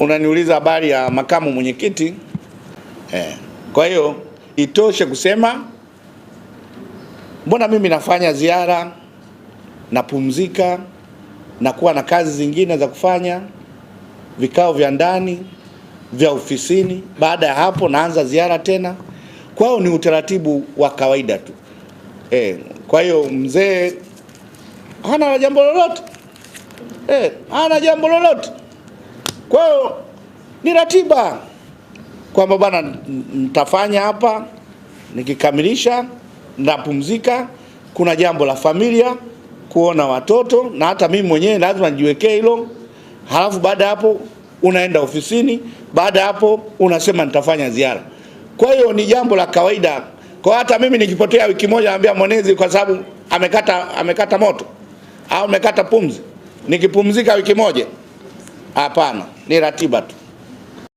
unaniuliza habari ya makamu mwenyekiti eh. Kwa hiyo itoshe kusema mbona mimi nafanya ziara, napumzika, na kuwa na kazi zingine za kufanya, vikao vya ndani vya ofisini. Baada ya hapo naanza ziara tena, kwao ni utaratibu wa kawaida tu eh. Kwa hiyo mzee hana jambo lolote eh, hana jambo lolote. Kwa hiyo ni ratiba kwamba bwana, nitafanya hapa, nikikamilisha napumzika. Kuna jambo la familia, kuona watoto, na hata mimi mwenyewe lazima nijiwekee hilo. Halafu baada ya hapo unaenda ofisini, baada ya hapo unasema nitafanya ziara. Kwa hiyo ni jambo la kawaida. Kwa hata mimi nikipotea wiki moja, naambia mwenezi kwa sababu amekata amekata moto au amekata pumzi, nikipumzika wiki moja Hapana, ni ratiba tu.